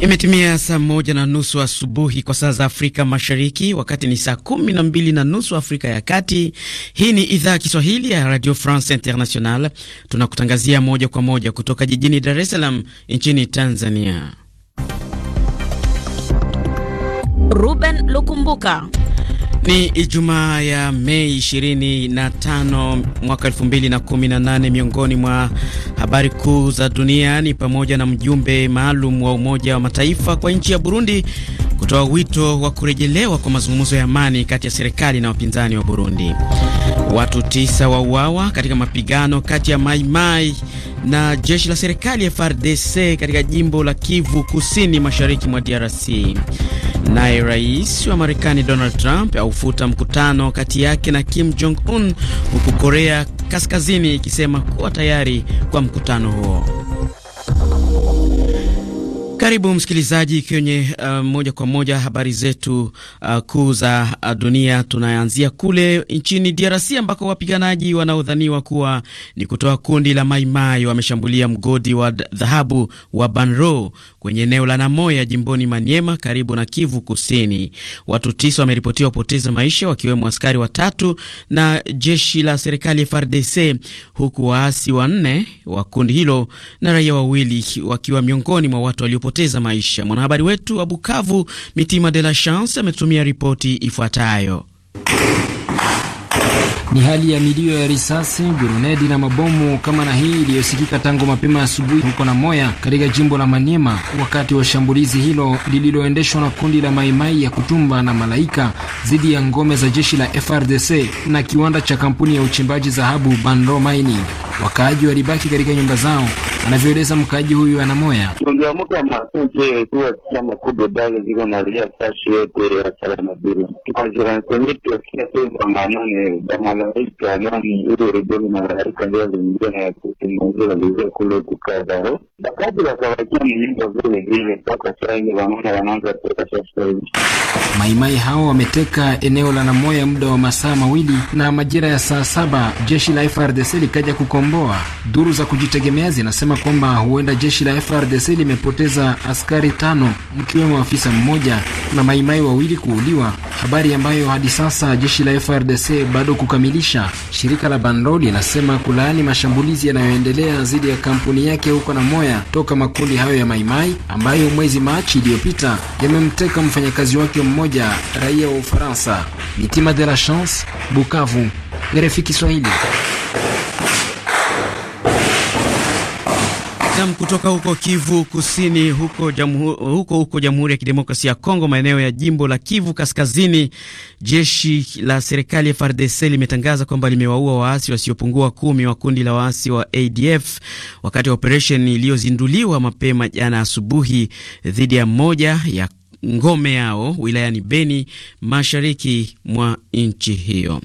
Imetimia saa moja na nusu asubuhi kwa saa za Afrika Mashariki, wakati ni saa kumi na mbili na nusu Afrika ya Kati. Hii ni idhaa ya Kiswahili ya Radio France International, tunakutangazia moja kwa moja kutoka jijini Dar es Salaam nchini Tanzania. Ruben Lukumbuka ni Ijumaa ya Mei 25 mwaka 2018. Miongoni mwa habari kuu za dunia ni pamoja na mjumbe maalum wa Umoja wa Mataifa kwa nchi ya Burundi kutoa wito wa kurejelewa kwa mazungumzo ya amani kati ya serikali na wapinzani wa Burundi. Watu tisa wauawa katika mapigano kati ya Maimai na jeshi la serikali FARDC katika jimbo la Kivu Kusini, mashariki mwa DRC. Naye rais wa Marekani Donald Trump aufuta mkutano kati yake na Kim Jong Un, huku Korea Kaskazini ikisema kuwa tayari kwa mkutano huo. Karibu msikilizaji kwenye uh, moja kwa moja habari zetu uh, kuu za uh, dunia. Tunaanzia kule nchini DRC ambako wapiganaji wanaodhaniwa kuwa ni kutoa kundi la Maimai wameshambulia mgodi wa dhahabu wa Banro kwenye eneo la Namoya jimboni Maniema karibu na Kivu Kusini. Watu tisa wameripotiwa kupoteza maisha wakiwemo askari watatu na jeshi la serikali FARDC, huku waasi wanne wa kundi hilo na raia wawili wakiwa miongoni mwa watu waliopoteza maisha. Mwanahabari wetu wa Bukavu Mitima de la Chance ametumia ripoti ifuatayo. Ni hali ya milio ya risasi, gurunedi na mabomu kama na hii iliyosikika tangu mapema asubuhi huko na moya katika jimbo la Maniema, wakati wa shambulizi hilo lililoendeshwa na kundi la Maimai ya Kutumba na Malaika dhidi ya ngome za jeshi la FRDC na kiwanda cha kampuni ya uchimbaji dhahabu Bandro Mining. Wakaaji walibaki katika nyumba zao anavyoeleza mkaaji huyu ana moya kama kubwa ziko na ria yote ya salama bila tukajira kwenye ile ndio na kule wanaona wanaanza sasa Maimai hao wameteka eneo la Namoya muda wa masaa mawili na majira ya saa saba jeshi la frdc likaja kukomboa. Duru za kujitegemea zinasema amesema kwamba huenda jeshi la FRDC limepoteza askari tano mkiwemo afisa mmoja na maimai wawili kuuliwa, habari ambayo hadi sasa jeshi la FRDC bado kukamilisha. Shirika la Banro linasema kulaani mashambulizi yanayoendelea dhidi ya kampuni yake huko na moya toka makundi hayo ya maimai ambayo mwezi Machi iliyopita yamemteka mfanyakazi wake mmoja raia wa Ufaransa. Mitima de la Chance, Bukavu, RFI Kiswahili. Nam kutoka huko Kivu Kusini, huko jamhuri, huko huko Jamhuri ya Kidemokrasia ya Kongo, maeneo ya jimbo la Kivu Kaskazini, jeshi la serikali ya FARDC limetangaza kwamba limewaua waasi wasiopungua kumi wa kundi la waasi wa ADF wakati wa operesheni iliyozinduliwa mapema jana asubuhi dhidi ya moja ya ngome yao wilayani Beni, mashariki mwa nchi hiyo.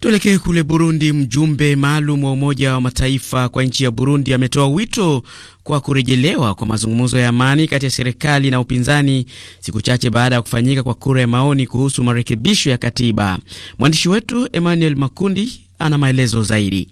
Tuelekee kule Burundi. Mjumbe maalum wa Umoja wa Mataifa kwa nchi ya Burundi ametoa wito kwa kurejelewa kwa mazungumzo ya amani kati ya serikali na upinzani siku chache baada ya kufanyika kwa kura ya maoni kuhusu marekebisho ya katiba. Mwandishi wetu Emmanuel Makundi ana maelezo zaidi.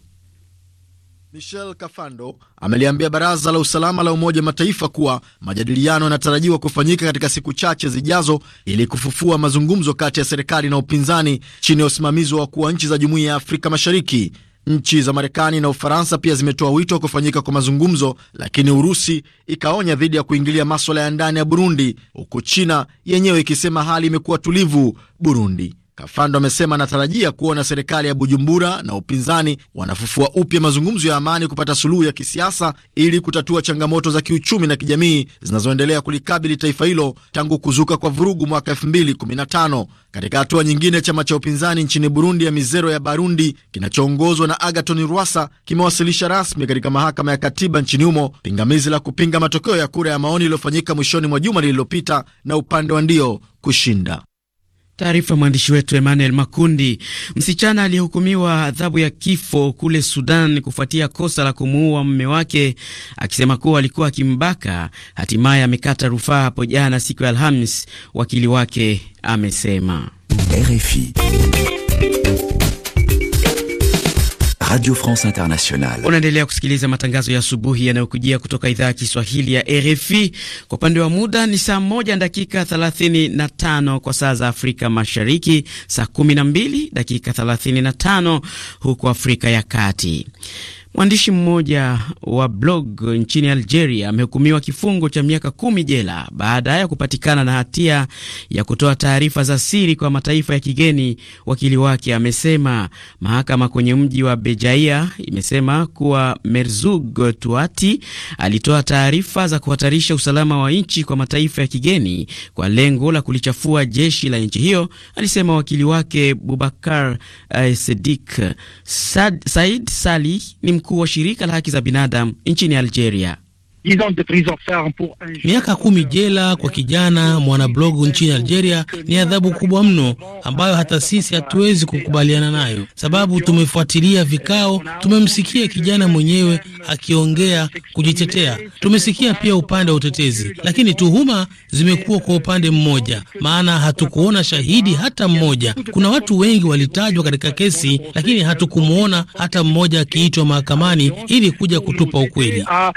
Michel Kafando ameliambia baraza la usalama la Umoja Mataifa kuwa majadiliano yanatarajiwa kufanyika katika siku chache zijazo ili kufufua mazungumzo kati ya serikali na upinzani chini ya usimamizi wa wakuu wa nchi za Jumuiya ya Afrika Mashariki. Nchi za Marekani na Ufaransa pia zimetoa wito wa kufanyika kwa mazungumzo, lakini Urusi ikaonya dhidi ya kuingilia maswala ya ndani ya Burundi, huku China yenyewe ikisema hali imekuwa tulivu Burundi. Kafando amesema anatarajia kuona serikali ya Bujumbura na upinzani wanafufua upya mazungumzo ya amani kupata suluhu ya kisiasa ili kutatua changamoto za kiuchumi na kijamii zinazoendelea kulikabili taifa hilo tangu kuzuka kwa vurugu mwaka 2015. Katika hatua nyingine, chama cha upinzani nchini Burundi ya Mizero ya Barundi kinachoongozwa na agaton Rwasa kimewasilisha rasmi katika mahakama ya katiba nchini humo pingamizi la kupinga matokeo ya kura ya maoni iliyofanyika mwishoni mwa juma lililopita na upande wa ndio kushinda. Taarifa mwandishi wetu Emmanuel Makundi. Msichana aliyehukumiwa adhabu ya kifo kule Sudan kufuatia kosa la kumuua mume wake akisema kuwa alikuwa akimbaka, hatimaye amekata rufaa hapo jana siku ya Alhamis, wakili wake amesema RFI. Radio France Internationale. Unaendelea kusikiliza matangazo ya asubuhi yanayokujia kutoka idhaa ya Kiswahili ya RFI. Kwa upande wa muda ni saa moja dakika 35 kwa saa za Afrika Mashariki, saa 12 dakika 35 huko Afrika ya Kati. Mwandishi mmoja wa blog nchini Algeria amehukumiwa kifungo cha miaka kumi jela baada ya kupatikana na hatia ya kutoa taarifa za siri kwa mataifa ya kigeni, wakili wake amesema. Mahakama kwenye mji wa Bejaia imesema kuwa Merzoug Touati alitoa taarifa za kuhatarisha usalama wa nchi kwa mataifa ya kigeni kwa lengo la kulichafua jeshi la nchi hiyo, alisema wakili wake Bubakar uh, eh, Sedik Said Sali ni mkuu wa shirika la haki za binadamu nchini Algeria. Miaka kumi jela kwa kijana mwanablogu nchini Algeria ni adhabu kubwa mno ambayo hata sisi hatuwezi kukubaliana nayo, sababu tumefuatilia vikao, tumemsikia kijana mwenyewe akiongea kujitetea, tumesikia pia upande wa utetezi, lakini tuhuma zimekuwa kwa upande mmoja, maana hatukuona shahidi hata mmoja. Kuna watu wengi walitajwa katika kesi, lakini hatukumwona hata mmoja akiitwa mahakamani ili kuja kutupa ukweli. Ah,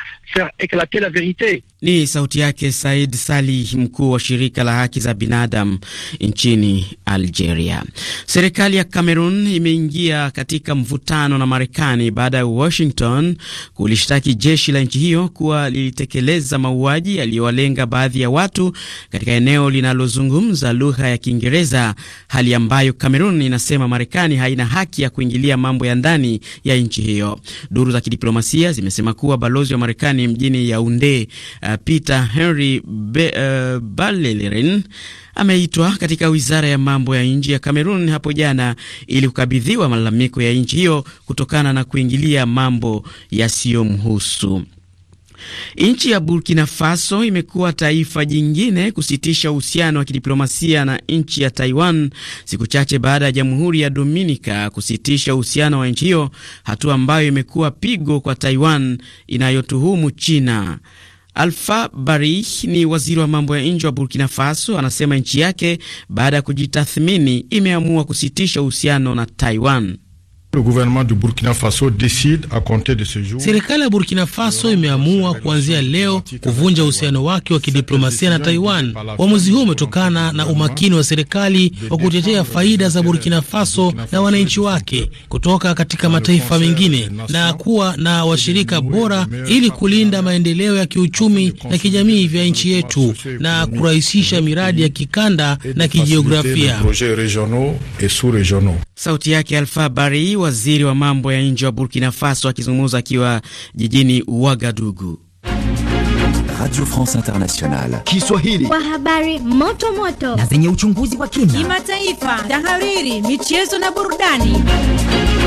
claquer la vérité. Ni sauti yake Said Salih, mkuu wa shirika la haki za binadamu nchini Algeria. Serikali ya Cameroon imeingia katika mvutano na Marekani baada ya Washington kulishtaki jeshi la nchi hiyo kuwa lilitekeleza mauaji yaliyowalenga baadhi ya watu katika eneo linalozungumza lugha ya Kiingereza, hali ambayo Cameroon inasema Marekani haina haki ya kuingilia mambo ya ndani ya nchi hiyo. Duru za kidiplomasia zimesema kuwa balozi wa Marekani mjini Yaounde uh, Eh, Peter Henry Be, uh, eh, Balelerin ameitwa katika wizara ya mambo ya nje ya Kamerun hapo jana ili kukabidhiwa malalamiko ya nchi hiyo kutokana na kuingilia mambo yasiyomhusu. Nchi ya Burkina Faso imekuwa taifa jingine kusitisha uhusiano wa kidiplomasia na nchi ya Taiwan siku chache baada ya Jamhuri ya Dominica kusitisha uhusiano wa nchi hiyo, hatua ambayo imekuwa pigo kwa Taiwan inayotuhumu China. Alpha Bari ni waziri wa mambo ya nje wa Burkina Faso, anasema nchi yake baada ya kujitathmini imeamua kusitisha uhusiano na Taiwan. Le gouvernement du Burkina Faso décide à compter de ce jour. Serikali ya Burkina Faso imeamua kuanzia leo kuvunja uhusiano wake wa kidiplomasia na Taiwan. Uamuzi huu umetokana na umakini wa serikali wa kutetea faida za Burkina Faso na wananchi wake kutoka katika mataifa mengine na kuwa na washirika bora ili kulinda maendeleo ya kiuchumi na kijamii vya nchi yetu na kurahisisha miradi ya kikanda na kijiografia. Sauti yake Alfa Bari, waziri wa mambo ya nje wa Burkina Faso, akizungumza akiwa jijini Ouagadougou. Radio France Internationale Kiswahili, kwa habari moto moto na zenye uchunguzi wa kina, kimataifa, tahariri, michezo na burudani.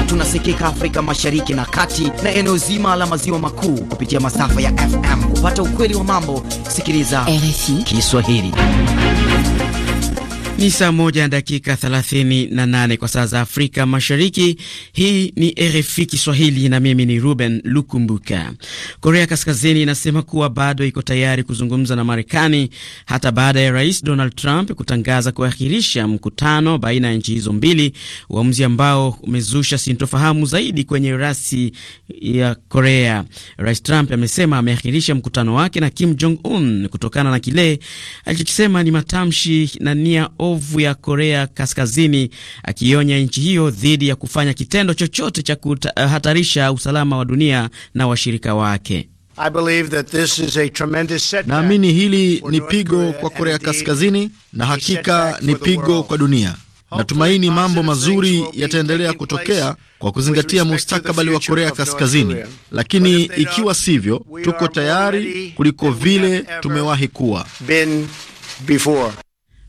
Tunasikika Afrika Mashariki na Kati na eneo zima la maziwa makuu kupitia masafa ya FM. Kupata ukweli wa mambo, sikiliza RFI Kiswahili. Ni saa moja na dakika 38 kwa saa za Afrika Mashariki. Hii ni RFI Kiswahili na mimi ni Ruben Lukumbuka. Korea Kaskazini inasema kuwa bado iko tayari kuzungumza na Marekani hata baada ya Rais Donald Trump kutangaza kuahirisha mkutano baina ya nchi hizo mbili, uamuzi ambao umezusha sintofahamu zaidi kwenye rasi ya Korea. Rais Trump amesema ameahirisha mkutano wake na Kim Jong Un kutokana na kile alichokisema ni matamshi na nia ovu ya Korea Kaskazini, akionya nchi hiyo dhidi ya kufanya kitendo chochote cha kuhatarisha eh, usalama wa dunia na washirika wake. Naamini hili ni pigo kwa Korea Kaskazini na hakika ni pigo kwa dunia. Natumaini mambo mazuri yataendelea kutokea kwa kuzingatia mustakabali wa Korea Kaskazini, lakini ikiwa sivyo, tuko tayari kuliko vile tumewahi kuwa.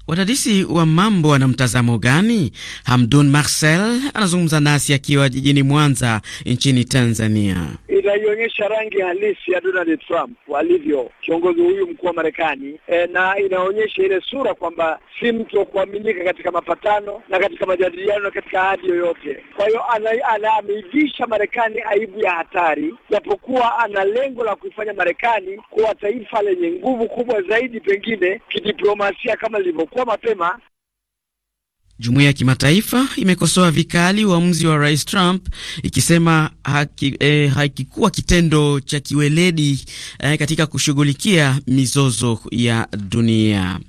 Wadadisi wa mambo wana mtazamo gani? Hamdun Marcel anazungumza nasi akiwa jijini Mwanza nchini Tanzania. Inaionyesha rangi halisi ya Donald Trump alivyo kiongozi huyu mkuu wa Marekani e, na inaonyesha ile sura kwamba si mtu wa kuaminika katika mapatano na katika majadiliano na katika ahadi yoyote. Kwa hiyo anaameidhisha Marekani aibu ya hatari, japokuwa ana lengo la kuifanya Marekani kuwa taifa lenye nguvu kubwa zaidi, pengine kidiplomasia kama lilivyo kuwa mapema. Jumuiya ya kimataifa imekosoa vikali uamuzi wa Rais Trump ikisema haki, eh, hakikuwa kitendo cha kiweledi eh, katika kushughulikia mizozo ya dunia.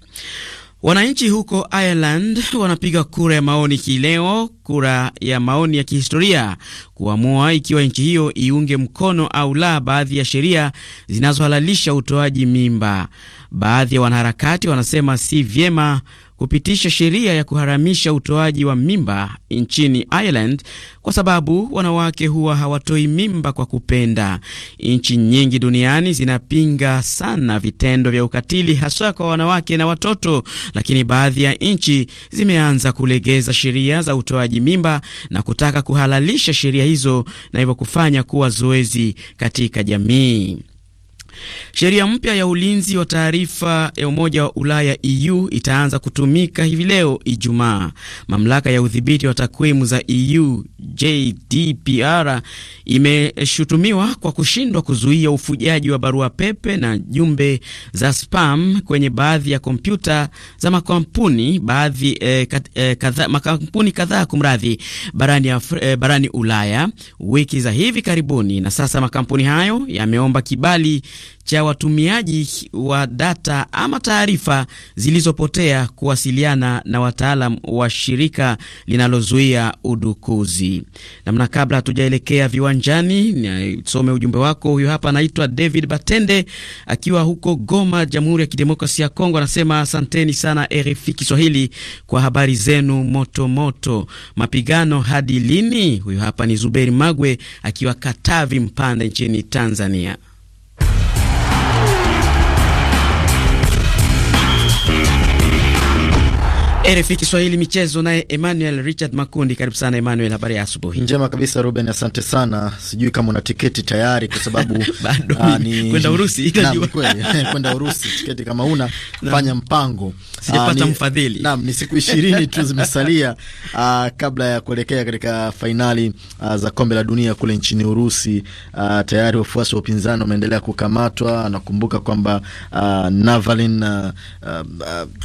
Wananchi huko Ireland wanapiga kura ya maoni hii leo, kura ya maoni ya kihistoria kuamua ikiwa nchi hiyo iunge mkono au la baadhi ya sheria zinazohalalisha utoaji mimba. Baadhi ya wanaharakati wanasema si vyema kupitisha sheria ya kuharamisha utoaji wa mimba nchini Ireland kwa sababu wanawake huwa hawatoi mimba kwa kupenda. Nchi nyingi duniani zinapinga sana vitendo vya ukatili haswa kwa wanawake na watoto, lakini baadhi ya nchi zimeanza kulegeza sheria za utoaji mimba na kutaka kuhalalisha sheria hizo na hivyo kufanya kuwa zoezi katika jamii. Sheria mpya ya ulinzi wa taarifa ya Umoja wa Ulaya EU itaanza kutumika hivi leo Ijumaa. Mamlaka ya udhibiti wa takwimu za EU JDPR imeshutumiwa kwa kushindwa kuzuia ufujaji wa barua pepe na jumbe za spam kwenye baadhi ya kompyuta za makampuni baadhi, eh, katha, eh, makampuni kadhaa kumradhi barani, eh, barani Ulaya wiki za hivi karibuni, na sasa makampuni hayo yameomba kibali cha watumiaji wa data ama taarifa zilizopotea kuwasiliana na wataalam wa shirika linalozuia udukuzi. Namna kabla hatujaelekea viwanjani, nisome ujumbe wako. Huyu hapa anaitwa David Batende akiwa huko Goma, Jamhuri ya Kidemokrasia ya Kongo, anasema asanteni sana RFI Kiswahili kwa habari zenu moto moto. Mapigano hadi lini? Huyu hapa ni Zuberi Magwe akiwa Katavi Mpanda nchini Tanzania. RFI Kiswahili michezo, naye Emmanuel Richard Makundi. Karibu sana Emmanuel, habari ya asubuhi. Njema kabisa Ruben, asante sana. Sijui kama una tiketi tayari, kwa sababu ah, kwenda Urusi kwenda Urusi, tiketi kama una na, fanya mpango. Sijapata ah, mfadhili. Naam, ni siku ishirini tu zimesalia ah, kabla ya kuelekea katika fainali za kombe la dunia kule nchini Urusi. Aa, tayari wafuasi wa upinzani wameendelea kukamatwa. Nakumbuka kwamba Navalny,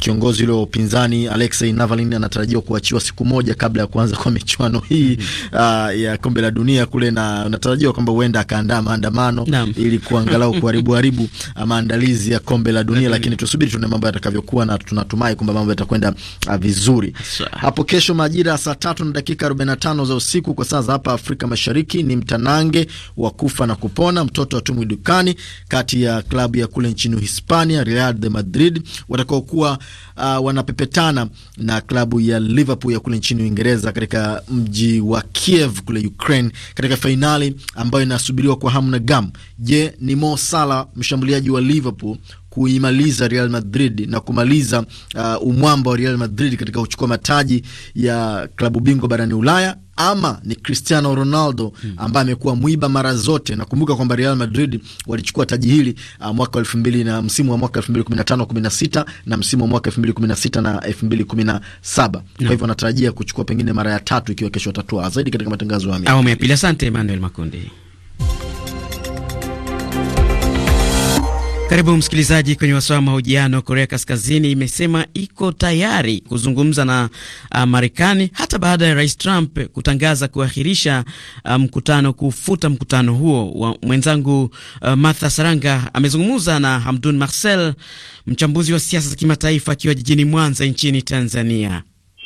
kiongozi yule wa upinzani Alex Alexei Navalny anatarajiwa kuachiwa siku moja kabla ya kuanza kwa michuano hii mm -hmm. uh, ya kombe la dunia kule, na anatarajiwa kwamba huenda akaandaa maandamano ili kuangalau kuharibu haribu uh, maandalizi ya kombe la dunia, lakini tusubiri tuone mambo yatakavyokuwa, na tunatumai kwamba mambo yatakwenda uh, vizuri Hapo kesho majira saa tatu na dakika 45 za usiku kwa saa za hapa Afrika Mashariki ni mtanange wa kufa na kupona mtoto wa atumwi dukani kati ya klabu ya kule nchini Hispania Real de Madrid watakaokuwa uh, wanapepetana na klabu ya Liverpool ya kule nchini Uingereza katika mji wa Kiev kule Ukraine katika fainali ambayo inasubiriwa kwa hamu na gamu. Je, ni Mo Salah mshambuliaji wa Liverpool kuimaliza Real Madrid na kumaliza uh, umwamba wa Real Madrid katika kuchukua mataji ya klabu bingwa barani Ulaya ama ni Cristiano Ronaldo hmm. ambaye amekuwa mwiba mara zote. Nakumbuka kwamba Real Madrid walichukua taji hili uh, mwaka elfu mbili na msimu wa mwaka elfu mbili kumi na tano kumi na sita na msimu wa mwaka elfu mbili kumi na sita na elfu mbili kumi na saba Kwa hivyo wanatarajia kuchukua pengine mara ya tatu ikiwa kesho watatua zaidi. Katika matangazo ya awamu ya pili, asante Emmanuel Makundi. Karibu msikilizaji kwenye wasaa wa mahojiano. Korea Kaskazini imesema iko tayari kuzungumza na uh, Marekani hata baada ya Rais Trump kutangaza kuahirisha mkutano uh, mkutano, kufuta mkutano huo wa mwenzangu uh, Martha Saranga amezungumza na Hamdun Marcel, mchambuzi wa siasa za kimataifa akiwa jijini Mwanza nchini Tanzania.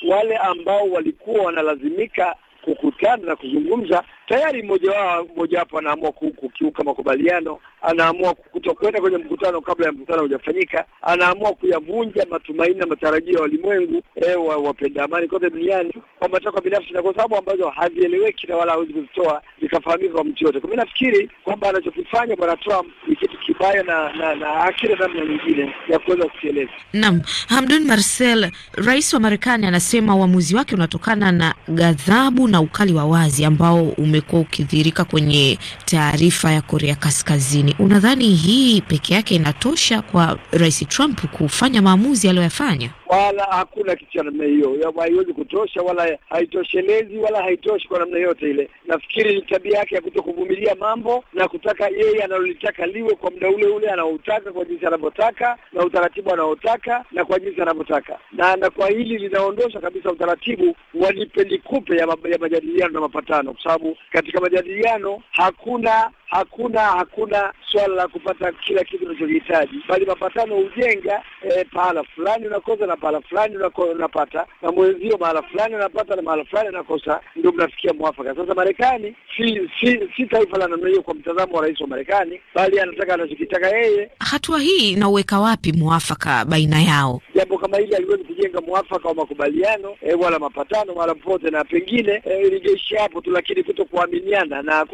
Wale ambao walikuwa wanalazimika kukutana na kuzungumza, tayari mmoja wao mmoja wapo anaamua kukiuka makubaliano, anaamua kutokwenda kwenye mkutano kabla ya mkutano hujafanyika, anaamua kuyavunja matumaini na matarajio ya walimwengu eh, wa wapenda amani kote duniani kwa matakwa binafsi na kwa sababu ambazo hazieleweki na wala hawezi kuzitoa zikafahamika kwa mtu yote. Kwa nafikiri kwamba anachokifanya bwana Trump ni kitu vibaya na na, na akira namna nyingine ya kuweza kukieleza. Naam, Hamdun Marcel, rais wa Marekani anasema uamuzi wake unatokana na ghadhabu na ukali wa wazi ambao umekuwa ukidhihirika kwenye taarifa ya Korea Kaskazini. Unadhani hii peke yake inatosha kwa Rais Trump kufanya maamuzi aliyoyafanya? Wala hakuna kitu cha namna hiyo, haiwezi kutosha wala haitoshelezi wala haitoshi kwa namna yote ile. Nafikiri ni tabia yake ya kutokuvumilia mambo na kutaka yeye analolitaka liwe kwa muda kwa ule ule anaotaka, kwa jinsi anavyotaka na utaratibu anaotaka na kwa jinsi anavyotaka, na na kwa hili linaondosha kabisa utaratibu wa nipe ya, ya majadiliano na mapatano, kwa sababu katika majadiliano hakuna hakuna hakuna swala la kupata kila kitu unachokihitaji, bali mapatano hujenga e, pahala fulani unakosa na pahala fulani unapata na mwenzio, mahala fulani anapata na mahala fulani anakosa, ndio mnafikia mwafaka. Sasa Marekani si si, si taifa la namna hiyo kwa mtazamo wa rais wa Marekani, bali anataka akitaka yeye. Hatua hii inauweka wapi mwafaka baina yao? Jambo kama hili aliwezi kujenga mwafaka wa makubaliano e, wala mapatano wala popote, na pengine e, eh, lijeshi hapo tu, lakini kutokuaminiana na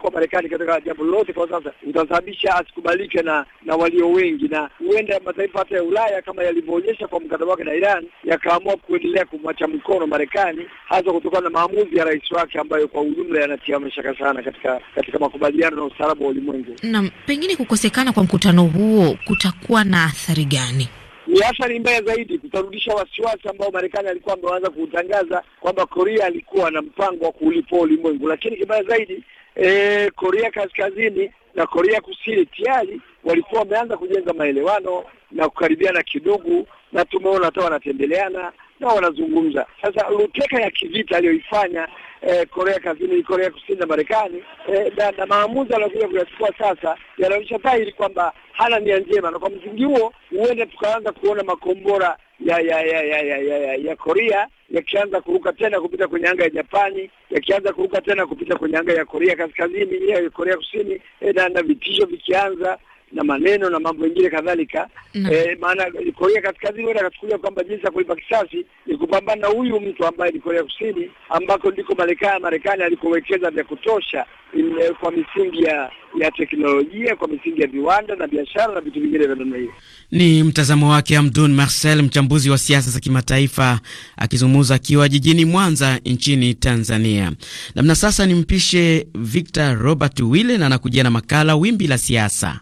kwa Marekani katika jambo lolote kwa sasa utasababisha asikubalike na na walio wengi, na huenda mataifa hata ya Ulaya kama yalivyoonyesha kwa mkataba wake na Iran yakaamua kuendelea kumwacha mkono Marekani, hasa kutokana na maamuzi ya rais wake ambayo kwa ujumla yanatia mashaka sana katika katika makubaliano na usalama wa ulimwengu. Naam, pengine kukosekana kwa mkutano huo kutakuwa na athari gani? Ni athari mbaya zaidi, kutarudisha wasiwasi ambao Marekani alikuwa ameanza kuutangaza kwamba Korea alikuwa na mpango wa kuulipa ulimwengu, lakini kibaya zaidi e, Korea Kaskazini na Korea Kusini tayari walikuwa wameanza kujenga maelewano na kukaribiana kidugu, na tumeona hata wanatembeleana na wanazungumza sasa. Luteka ya kivita aliyoifanya eh, Korea Kaskazini, Korea Kusini na Marekani eh, na, na maamuzi aliyokuja kuyachukua sasa yanaonyesha dhahiri kwamba hana nia njema, na kwa msingi huo huenda tukaanza kuona makombora ya ya ya ya ya, ya, ya, ya Korea yakianza kuruka tena kupita kwenye anga ya Japani, yakianza kuruka tena kupita kwenye anga ya Korea Kaskazini, ya Korea Kusini, eh, na, na vitisho vikianza na maneno na mambo mengine kadhalika no. Eh, maana Korea Kaskazini wenda akachukulia kwamba jinsi ya kulipa kisasi ni kupambana huyu mtu ambaye ni Korea Kusini, ambako ndiko Marekani Marekani alikowekeza vya kutosha eh, kwa misingi ya ya teknolojia, kwa misingi ya viwanda na biashara na vitu vingine vya namna hiyo. Ni mtazamo wake amdun Marcel, mchambuzi wa siasa za kimataifa akizungumza akiwa jijini Mwanza nchini Tanzania. Namna sasa nimpishe Victor Robert Wille na anakujia na makala Wimbi la Siasa.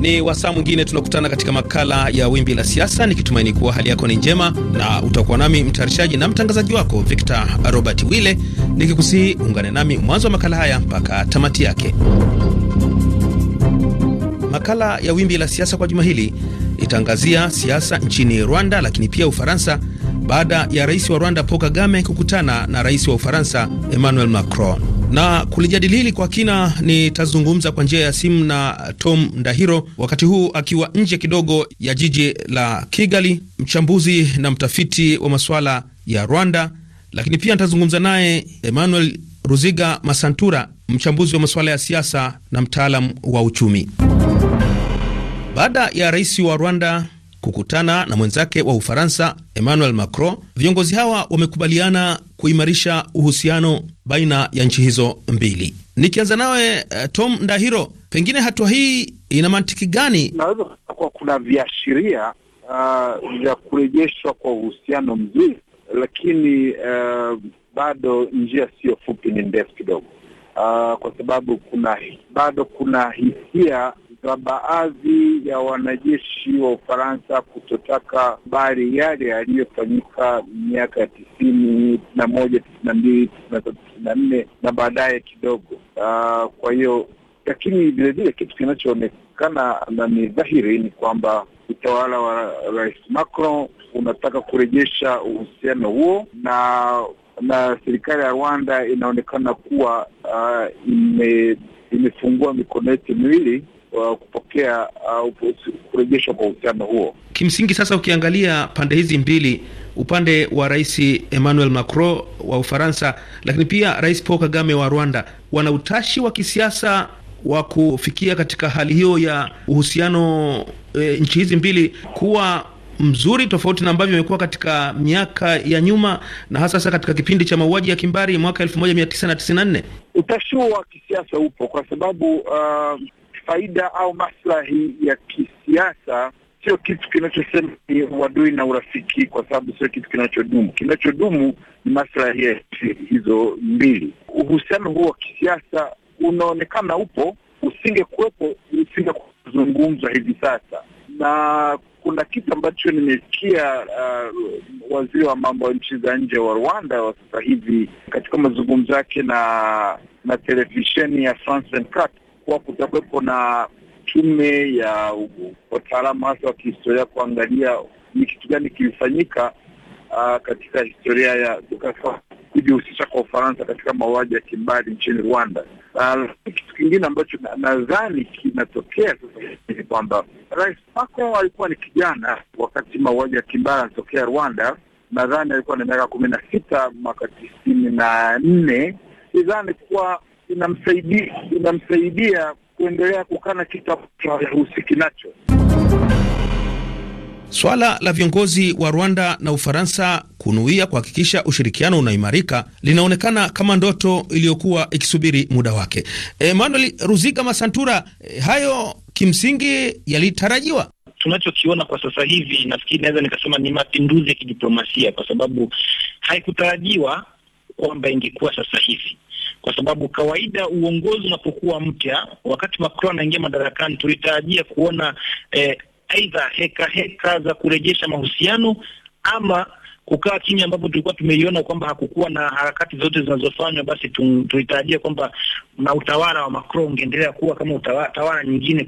Ni wasaa mwingine tunakutana katika makala ya Wimbi la Siasa, nikitumaini kuwa hali yako ni njema na utakuwa nami mtayarishaji na mtangazaji wako Victor Robert Wille, nikikusihi ungane nami mwanzo wa makala haya mpaka tamati yake. Makala ya Wimbi la Siasa kwa juma hili itaangazia siasa nchini Rwanda, lakini pia Ufaransa baada ya rais wa Rwanda Paul Kagame kukutana na rais wa Ufaransa Emmanuel Macron. Na kulijadili hili kwa kina, nitazungumza kwa njia ya simu na Tom Ndahiro, wakati huu akiwa nje kidogo ya jiji la Kigali, mchambuzi na mtafiti wa masuala ya Rwanda, lakini pia nitazungumza naye Emmanuel Ruziga Masantura, mchambuzi wa masuala ya siasa na mtaalam wa uchumi. Baada ya rais wa Rwanda kukutana na mwenzake wa Ufaransa Emmanuel Macron. Viongozi hawa wamekubaliana kuimarisha uhusiano baina ya nchi hizo mbili. Nikianza nawe eh, Tom Ndahiro, pengine hatua hii ina mantiki gani? Naweza kuwa kuna viashiria uh, vya kurejeshwa kwa uhusiano mzuri, lakini uh, bado njia siyo fupi, ni ndefu kidogo, uh, kwa sababu kuna bado kuna hisia la baadhi ya wanajeshi wa Ufaransa kutotaka bari yale yaliyofanyika miaka ya tisini na moja tisini na mbili tisini na tatu tisini na nne na baadaye kidogo. Uh, kwa hiyo lakini vilevile kitu kinachoonekana na ni dhahiri ni kwamba utawala wa Rais Macron unataka kurejesha uhusiano huo na na serikali ya Rwanda inaonekana kuwa uh, ime, imefungua mikono yote miwili uh, kupokea uh, kurejeshwa kwa uhusiano huo. Kimsingi sasa, ukiangalia pande hizi mbili, upande wa Rais Emmanuel Macron wa Ufaransa, lakini pia Rais Paul Kagame wa Rwanda, wana utashi wa kisiasa wa kufikia katika hali hiyo ya uhusiano e, nchi hizi mbili kuwa mzuri tofauti na ambavyo imekuwa katika miaka ya nyuma na hasa sasa katika kipindi cha mauaji ya kimbari mwaka elfu moja mia tisa na tisini na nne. Utashi wa kisiasa upo kwa sababu uh, faida au maslahi ya kisiasa sio kitu kinachosema ni uadui na urafiki, kwa sababu sio kitu kinachodumu. Kinachodumu ni maslahi ya hizo mbili. Uhusiano huo wa kisiasa unaonekana upo, usingekuwepo usingezungumzwa hivi sasa. Na kuna kitu ambacho nimesikia uh, waziri wa mambo ya nchi za nje wa Rwanda wa sasa hivi katika mazungumzo yake na na televisheni ya France 24 kuwa kutakuwepo na tume ya wataalamu hasa wa kihistoria kuangalia ni kitu gani kilifanyika ah, katika historia ya kujihusisha kwa Ufaransa katika mauaji ya kimbari nchini Rwanda. Ah, kitu kingine ambacho nadhani kinatokea sasa ni kwamba Rais Macron alikuwa ni kijana wakati mauaji ya kimbari anatokea Rwanda. Nadhani alikuwa na miaka kumi na sita mwaka tisini na nne. Sidhani kuwa inamsaidia inamsaidia kuendelea kukana kitu ambacho hahusiki nacho. Swala la viongozi wa Rwanda na Ufaransa kunuia kuhakikisha ushirikiano unaimarika linaonekana kama ndoto iliyokuwa ikisubiri muda wake. Emmanuel Ruziga Masantura, e, hayo kimsingi yalitarajiwa. Tunachokiona kwa sasa hivi, nafikiri naweza nikasema ni mapinduzi ya kidiplomasia, kwa sababu haikutarajiwa kwamba ingekuwa sasa hivi kwa sababu kawaida uongozi unapokuwa mpya, wakati Macron anaingia madarakani, tulitarajia kuona eh, aidha heka heka za kurejesha mahusiano ama kukaa kimya, ambapo tulikuwa tumeiona kwamba hakukuwa na harakati zote zinazofanywa. Basi tulitarajia kwamba na utawala wa Macron ungeendelea kuwa kama utawala nyingine,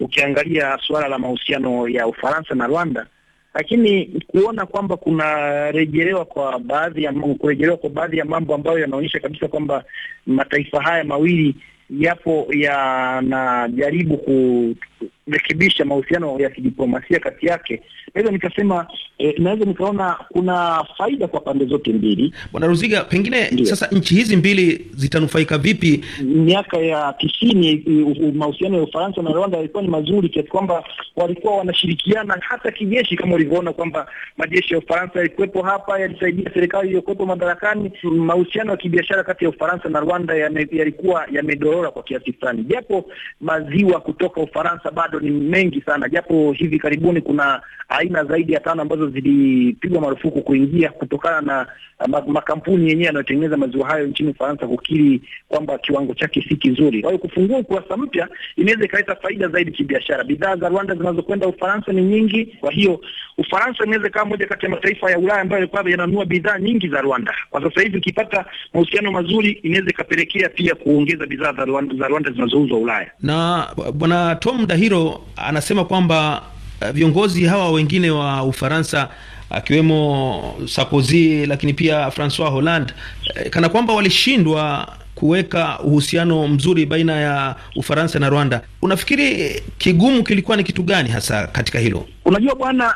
ukiangalia suala la mahusiano ya Ufaransa na Rwanda lakini kuona kwamba kuna rejelewa kwa baadhi ya kurejelewa kwa baadhi ya mambo ambayo yanaonyesha kabisa kwamba mataifa haya mawili yapo yanajaribu ku, kurekebisha mahusiano ya kidiplomasia kati yake. Naweza nikasema eh, naweza nikaona kuna faida kwa pande zote mbili. Bwana Ruziga, pengine Ndiye. Sasa nchi hizi mbili zitanufaika vipi? Miaka ya tisini eh, mahusiano ya Ufaransa na Rwanda yalikuwa ni mazuri kiasi kwamba walikuwa wanashirikiana hata kijeshi, kama ulivyoona kwamba majeshi ya Ufaransa yalikuwepo hapa, yalisaidia serikali iliyokuwepo madarakani. Mahusiano ya kibiashara kati ya Ufaransa na Rwanda yalikuwa yamedorora kwa kiasi fulani, japo maziwa kutoka Ufaransa bado ni mengi sana, japo hivi karibuni kuna aina zaidi ya tano ambazo zilipigwa marufuku kuingia kutokana na uh, makampuni yenyewe yanayotengeneza maziwa hayo nchini Ufaransa kukiri kwamba kiwango chake si kizuri. Kwa hiyo kufungua ukurasa mpya inaweza ikaleta faida zaidi kibiashara. Bidhaa za Rwanda zinazokwenda Ufaransa ni nyingi, kwa hiyo Ufaransa inaweza ikawa moja kati ya mataifa ya Ulaya ambayo yalikuwa yananunua bidhaa nyingi za Rwanda. Kwa sasa hivi ukipata mahusiano mazuri, inaweza ikapelekea pia kuongeza bidhaa za Rwanda, za Rwanda zinazouzwa Ulaya. Na Bwana Tom Dahiro anasema kwamba eh, viongozi hawa wengine wa Ufaransa akiwemo Sarkozy lakini pia Francois Hollande eh, kana kwamba walishindwa kuweka uhusiano mzuri baina ya Ufaransa na Rwanda. Unafikiri kigumu kilikuwa ni kitu gani hasa katika hilo? Unajua bwana,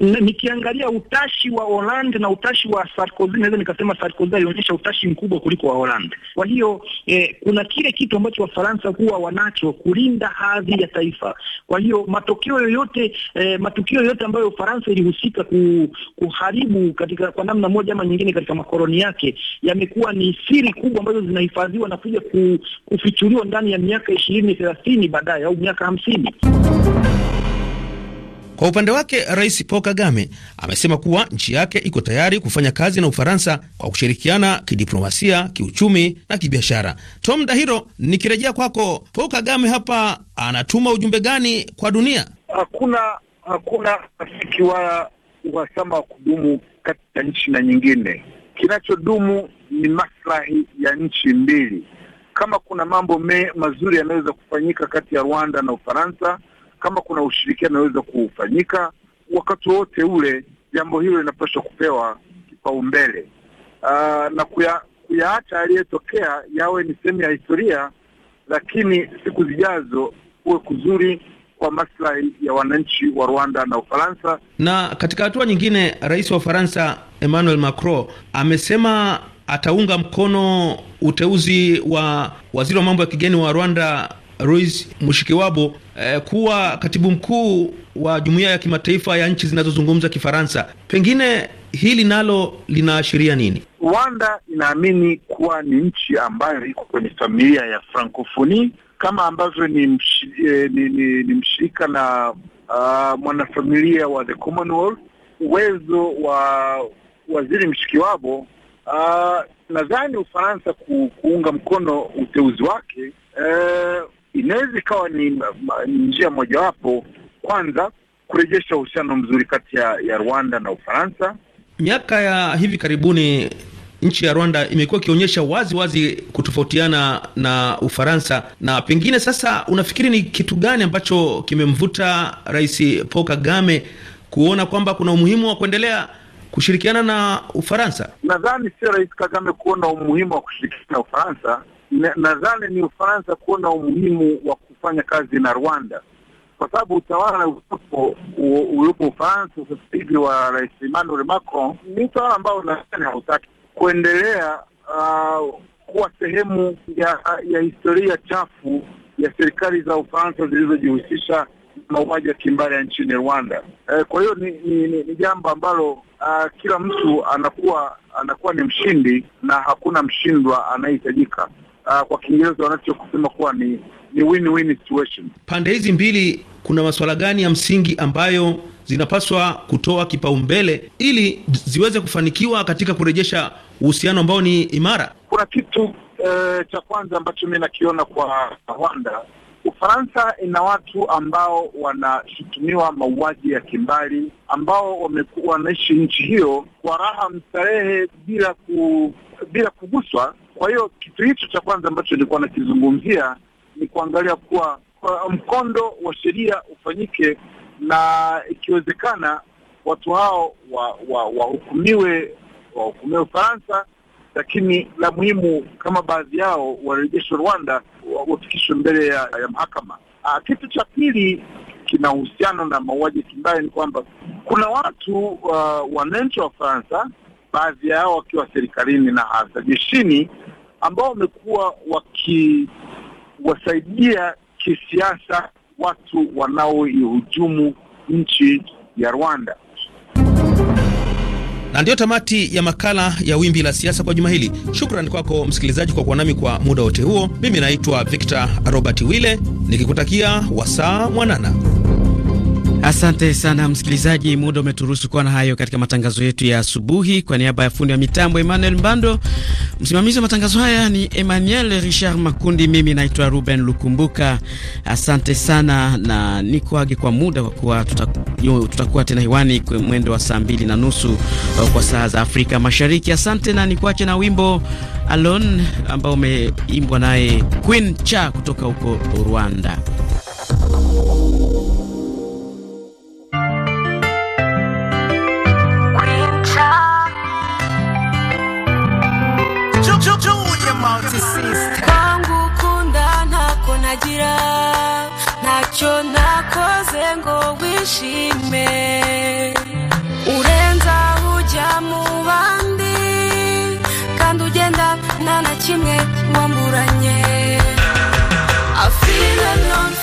nikiangalia utashi wa Hollande na utashi wa Sarkozy, naweza nikasema Sarkozy alionyesha utashi mkubwa kuliko wa Hollande. Kwa hiyo eh, kuna kile kitu ambacho Wafaransa huwa wanacho, kulinda hadhi ya taifa. Kwa hiyo matokeo yoyote eh, matukio yoyote ambayo Ufaransa ilihusika ku, kuharibu katika kwa namna moja ama nyingine katika makoloni yake yamekuwa ni siri kubwa ambazo zinahifadhiwa na kuja ku, kufichuliwa ndani ya miaka ishirini thelathini baadaye au miaka hamsini. Kwa upande wake Rais Paul Kagame amesema kuwa nchi yake iko tayari kufanya kazi na Ufaransa kwa kushirikiana kidiplomasia, kiuchumi na kibiashara. Tom Dahiro, nikirejea kwako, Paul Kagame hapa anatuma ujumbe gani kwa dunia? Hakuna hakuna rafiki wa uhasama wa kudumu kati ya nchi na nyingine. Kinachodumu ni maslahi ya nchi mbili. Kama kuna mambo me, mazuri yanaweza kufanyika kati ya Rwanda na Ufaransa kama kuna ushirikiano unaweza kufanyika wakati wowote ule, jambo hilo linapaswa kupewa kipaumbele ah, na kuya, kuyaacha aliyetokea yawe ni sehemu ya historia, lakini siku zijazo kuwe kuzuri kwa maslahi ya wananchi wa Rwanda na Ufaransa. Na katika hatua nyingine, rais wa Ufaransa Emmanuel Macron amesema ataunga mkono uteuzi wa waziri wa mambo ya kigeni wa Rwanda Louis mm. Mushikiwabo eh, kuwa katibu mkuu wa jumuiya ya kimataifa ya nchi zinazozungumza Kifaransa. Pengine hili nalo linaashiria nini? Rwanda inaamini kuwa ni nchi ambayo iko kwenye familia ya Francophonie kama ambavyo ni, mshi, eh, ni, ni, ni mshirika na uh, mwanafamilia wa the Commonwealth. Uwezo wa waziri Mshikiwabo uh, ah, nadhani Ufaransa ku, kuunga mkono uteuzi wake eh, inaweza ikawa ni njia mojawapo, kwanza kurejesha uhusiano mzuri kati ya, ya Rwanda na Ufaransa. Miaka ya hivi karibuni nchi ya Rwanda imekuwa ikionyesha wazi wazi kutofautiana na Ufaransa, na pengine sasa, unafikiri ni kitu gani ambacho kimemvuta Rais Paul Kagame kuona kwamba kuna umuhimu wa kuendelea kushirikiana na Ufaransa? Nadhani sio Rais Kagame kuona umuhimu wa kushirikiana na Ufaransa nadhani ni Ufaransa kuona umuhimu wa kufanya kazi na Rwanda kwa sababu utawala uliopo Ufaransa sasa hivi wa Rais Emmanuel Macron ni utawala ambao nadhani hautaki kuendelea uh, kuwa sehemu ya, ya historia chafu ya serikali za Ufaransa zilizojihusisha mauaji ya kimbari nchini Rwanda. Eh, kwa hiyo ni, ni, ni, ni jambo ambalo uh, kila mtu anakuwa anakuwa ni mshindi na hakuna mshindwa anayehitajika uh, kwa Kiingereza wanachokusema kuwa ni, ni win-win situation. Pande hizi mbili kuna masuala gani ya msingi ambayo zinapaswa kutoa kipaumbele ili ziweze kufanikiwa katika kurejesha uhusiano ambao ni imara? Kuna kitu e, cha kwanza ambacho mi nakiona kwa Rwanda. Ufaransa ina watu ambao wanashutumiwa mauaji ya kimbali ambao wamekuwa wanaishi nchi hiyo kwa raha mstarehe, bila ku, bila kuguswa kwa hiyo kitu hicho cha kwanza ambacho nilikuwa nakizungumzia ni kuangalia kuwa mkondo wa sheria ufanyike na ikiwezekana watu hao wahukumiwe wa, wahukumiwe wa Ufaransa, lakini la muhimu kama baadhi yao warejeshwe Rwanda, wafikishwe mbele ya, ya mahakama. Ah, kitu cha pili kina uhusiano na mauaji kimbaya ni kwamba kuna watu uh, wananchi wa Ufaransa baadhi yao wakiwa serikalini na hasa jeshini, ambao wamekuwa wakiwasaidia kisiasa watu wanaoihujumu nchi ya Rwanda. Na ndiyo tamati ya makala ya Wimbi la Siasa kwa juma hili. Shukrani kwako msikilizaji kwa kuwa nami kwa muda wote huo. Mimi naitwa Victor Robert Wille nikikutakia wasaa mwanana. Asante sana msikilizaji, muda umeturuhusu kuwa na hayo katika matangazo yetu ya asubuhi. Kwa niaba ya fundi wa mitambo Emmanuel Mbando, msimamizi wa matangazo haya ni Emmanuel Richard Makundi, mimi naitwa Ruben Lukumbuka. Asante sana na nikuage kwa muda kwa kuwa tutaku, tutakuwa tena hewani kwa mwendo wa saa mbili na nusu uh, kwa saa za Afrika Mashariki. Asante na nikuache na wimbo Alone ambao umeimbwa naye Queen Cha kutoka huko Rwanda. na kimwe wamburanye afilanion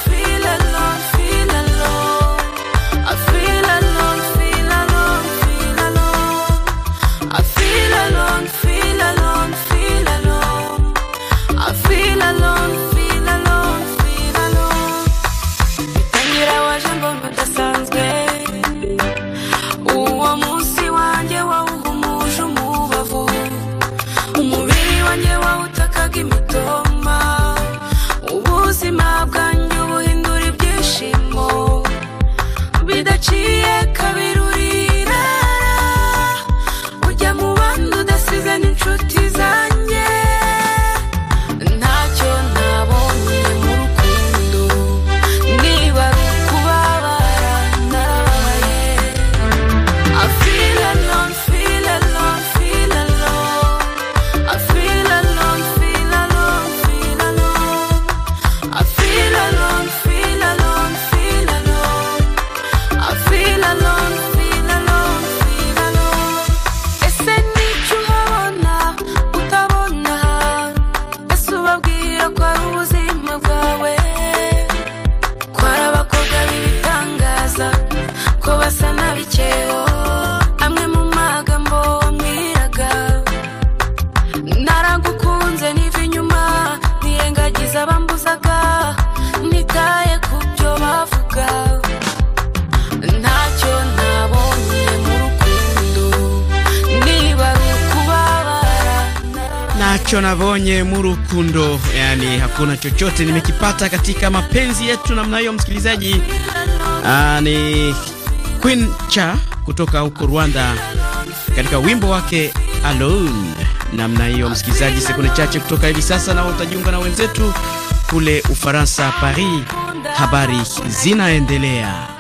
ndicho navonye murukundo, yani hakuna chochote nimekipata katika mapenzi yetu namna hiyo. Msikilizaji, ah, ni Queen Cha kutoka huko Rwanda katika wimbo wake Alone namna hiyo. Msikilizaji, sekunde chache kutoka hivi sasa nao utajiunga na wenzetu kule Ufaransa, Paris. Habari zinaendelea.